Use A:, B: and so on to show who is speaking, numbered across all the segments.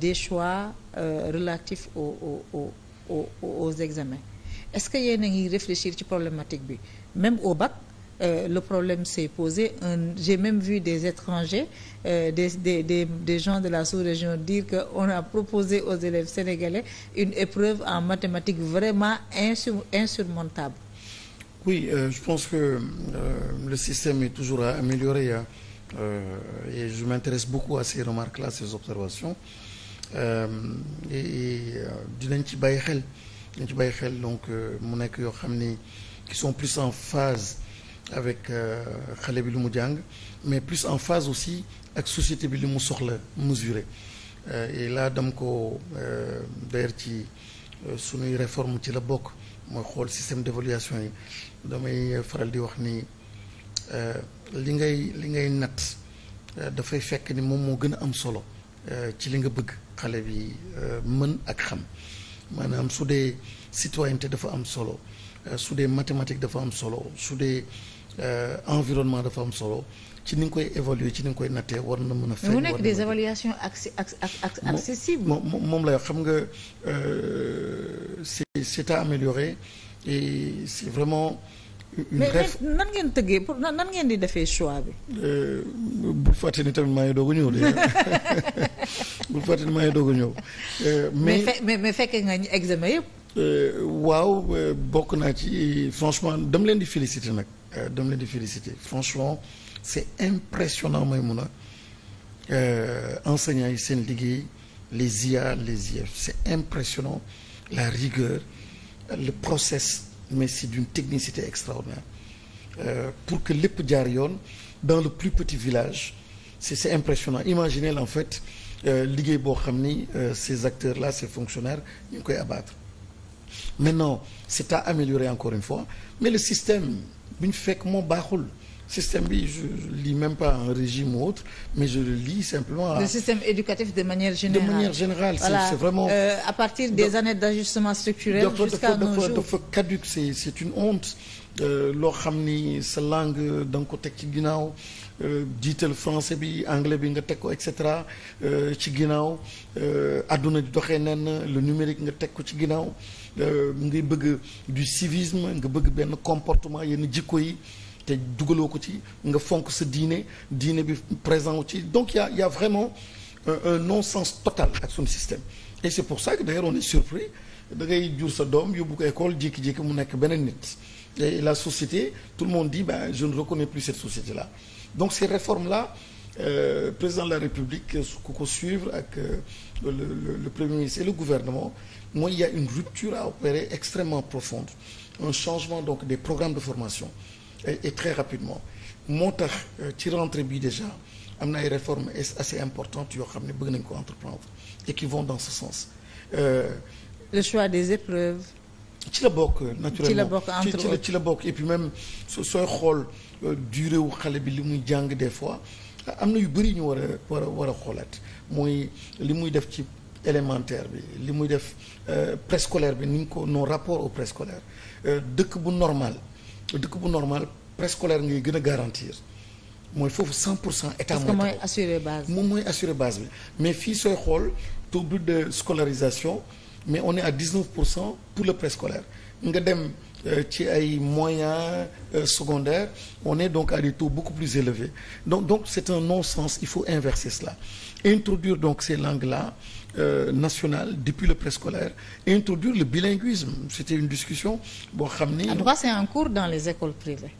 A: des choix euh, relatifs aux aux aux aux examens est-ce que yéen a ngi réfléchir ci problématique bi même au bac euh, le problème s'est posé un j'ai même vu des étrangers euh, des des des des gens de la sous-région dire que on a proposé aux élèves sénégalais une épreuve en mathématiques vraiment insur insurmontable. Oui, euh, je pense que le système est toujours à améliorer hein, euh, et je m'intéresse beaucoup à ces remarques-là, ces observations. Euh, euh, dinañ ci bàyyi xel dinañ ci bàyyi xel donc euh, mu nekk yoo xam ni qui sont plus en phase avec xale bi lu mu jàng mais plus en phase aussi ak société bi li mu soxla mesuré et là dam ko d'ailleurs ci suñuy réforme ci la bokk mooy xool système d'évaluation yi damay faral di wax ni li ngay li ngay natt dafay fekk ni moom moo gën a am solo ci li nga bëgg xale bi euh, mën ak xam maanaam su dee citoyenneté dafa am solo euh, su dee mathématique dafa am solo su dee euh, environnement dafa am solo ci ni nga koy évaluer ci ni nga koy nattee war na mën a. fekk mu nekk des évaluations accessibles. moom moom la xam nga c'est c'est à améliorer c'est vraiment. mais nan ngeen tëggee pour nan ngeen di defee choix bi. Euh, bul fàtte ni tamit maa ngi doog ñëw de bul fàtte ni maa ngi doog ñëw. Euh, mais mais mais fekkee nga ñu examen yëpp. Euh, waaw bokk naa ci franchement dama leen di féliciter nag dama leen di féliciter franchement c'est impressionnant may mun a enseignants yi seen liggéey les IA les IF c'est impressionnant la rigueur le process. mais c'est d'une technicité extraordinaire euh, pour que lépp jaar yoon dans le plus petit village c'est c'est impressionnant imaginez en fait euh, liggéey boo xam ni euh, ces acteurs la ces fonctionnaires ñu ngi koy abattre maintenant c'est à améliorer encore une fois mais le système bu ñu fekk moo baaxul système bi je lis même pas un régime ou autre mais je le lis simplement. de manière générale de manière générale. Voilà. c'est vraiment euh, à partir des donc, années d'ajustement structurel. jusqu'à nos euh, loo xam ni sa langue euh, da nga ko teg ci ginnaaw euh, jiital français bi anglais bi nga teg ko et cetera ci ginnaaw adduna di doxee nenn le numérique nga teg ko ci ginnaaw ngay bëgg du civisme nga bëgg benn comportement yenn jikko yi. te dugaloo ko ci nga fonk sa diine diine bi présent wu ci donc y' a y' a vraiment un, non-sens total ak suñu système et c' pour ça que d'ailleurs on est surpris da ngay jur sa doom yóbbu ko école jékki-jékki mu nekk beneen nit et la société tout le monde dit ben je ne reconnais plus cette société là donc ces réformes là euh, président de la République euh, ku ko suivre ak euh, le, le le premier ministre et le gouvernement mooy il y a une rupture à opérer extrêmement profonde un donc des programmes de formation et très rapidement moo tax euh, ci rentrée bi déjà am na ay réformes assez importante yoo xam ne bëgg nañ ko entreprendre et qui von dans ce sens. Euh, le choix des épreuves. ci la bokk naturellement ci la ci la bokk et puis même sooy xool euh, durée wu xale bi li muy jàng des fois am na yu bëri ñu war a war a war a xoolaat mooy li muy def ci élémentaire bi li muy def euh, préscolaire bi ni ñu ko non rapport au préscolaire dëkk bu normal. dëkk bu normal préscolaire ngay gën a garantir mooy foofu 100 pour cent état mooy. mooy assurer base moom mooy assurer base bi mais fii sooy xool taux de scolarisation mais on est à 19 pour cent pour le préscolaire nga dem euh, ci ay moyens euh, secondaires on est donc à des taux beaucoup plus élevés donc donc c'est un non-sens il faut inverser cela introduire donc ces langues la Euh, nationale depuis le préscolaire introduire le bilinguisme c'était une discussion boo xam ni. en tout cas c'est en cours dans les écoles privées.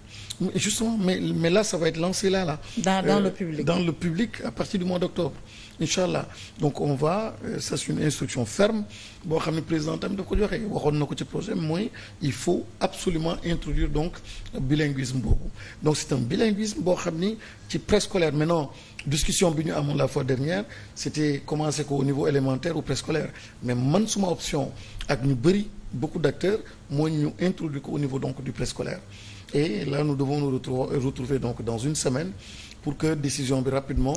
A: justement mais mais là ça va être lancé là là. dans euh, le public dans le public à partir du mois d'octobre incha allah donc on va euh, ça c'est une instruction ferme boo xam ne président tamit daf ko joxe waxoon na ko ci projet mooy il faut absolument introduire donc bilinguisme boobu donc c'est un bilinguisme boo xam ni ci préscolaire maintenant. discussion bi ñu amoon la fois dernière c'était commencé ko au niveau élémentaire ou préscolaire mais man suma option ak ñu bëri beaucoup d'acteurs mooy ñu introduire ko au niveau donc du préscolaire et là nous devons nous retrouver donc dans une semaine pour que décision bi rapidement